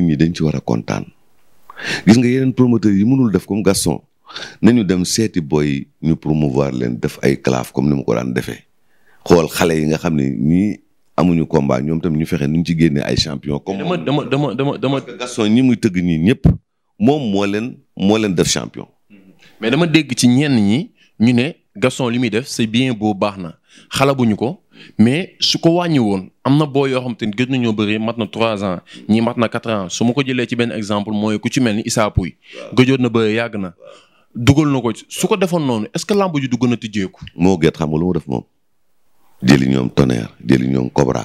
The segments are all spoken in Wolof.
nit ñi dañ ci war a kontaan gis nga yeneen promoteurs yi mënul def comme Gaston nañu dem seeti booy ñu promouvoir leen def ay claf comme ni mu ko daan defee xool xale yi nga xam ne ñii amuñu combat ñoom tam ñu fexe nu ñu ci génnee ay champion comme dama dama dama dama dama Gaston ñi muy tëgg ñii ñëpp moom moo leen moo leen def champion mais dama dégg ci ñenn ñi ñu ne Gaston li muy def c'est bien beau baax na xalabuñu ko mais su ko wàññi woon am na boo yoo xam te ni gëj nañoo bëri mat na trois ans ñii mat na quatre ans su ma ko jëlee ci benn exemple mooy ku ci mel ni Issa Pouye gëjoon na bëri yàgg na dugal na ko ci su ko defoon noonu est ce que lamb ji du gën a tijjeeku moo gët xam nga lu mu def moom jëli ñoom tonnerre jëli ñoom Cobra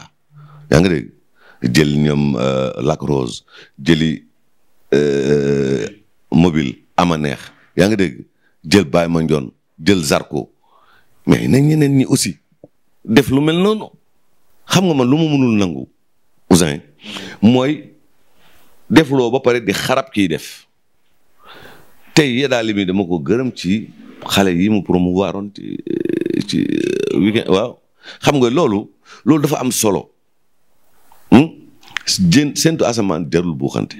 yaa ngi dégg jëli ñoom euh, Lac Rose jëli euh, mobile ama neex yaa ngi dégg jël Baye Mandione jël Zarko mais na ñeneen ñi aussi def lu mel noonu xam nga man lu ma mënul nangu Ouzin mooy defloo ba pare di xarab kii def tey Yada Ly mi dama ko gërëm ci xale yi mu promouvoir on ci euh, ci euh, weekend waaw xam nga loolu loolu dafa am solo hmm? jën séntu asamaan derul buuxante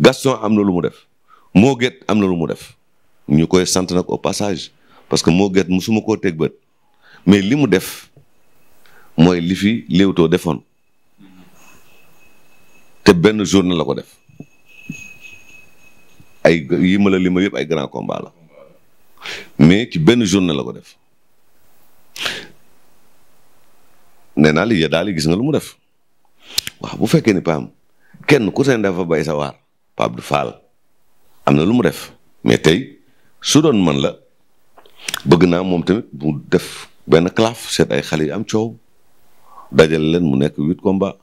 Gaston am na lu mu def moo Moguette am na lu mu def ñu koy sant nag au passage parce que moo Moguette musuma koo teg bët mais li mu def mooy li fi Leewtoo defoon te benn journée la ko def ay yi ma la lima yëpp ay grand combat la mais ci benn journée la ko def nee naa li ya daal gis nga lu mu def waaw bu fekkee ni paam kenn ku seen dafa bay sa waar Pape du Fall am na lu mu def mais tey su doon man la bëgg naa moom tamit bu def benn claf seet ay xale yu am coow dajale leen mu nekk huit combat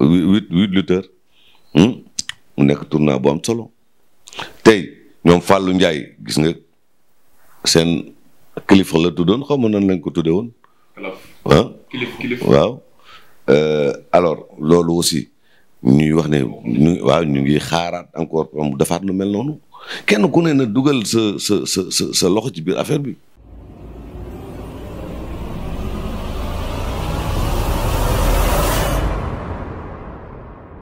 huit huit lutteurs hmm, mu nekk tournoi bu am solo tey ñoom fàllu Ndiaye gis nga seen kilifa la tuddoon xaw ma nan lañ ko tuddee woon. ah waaw. Euh, alors loolu aussi ñuy wax ne ñu waaw ñu ngi xaaraat encore mu defaat lu mel noonu kenn ku ne na dugal sa sa sa sa loxo ci biir affaire bi.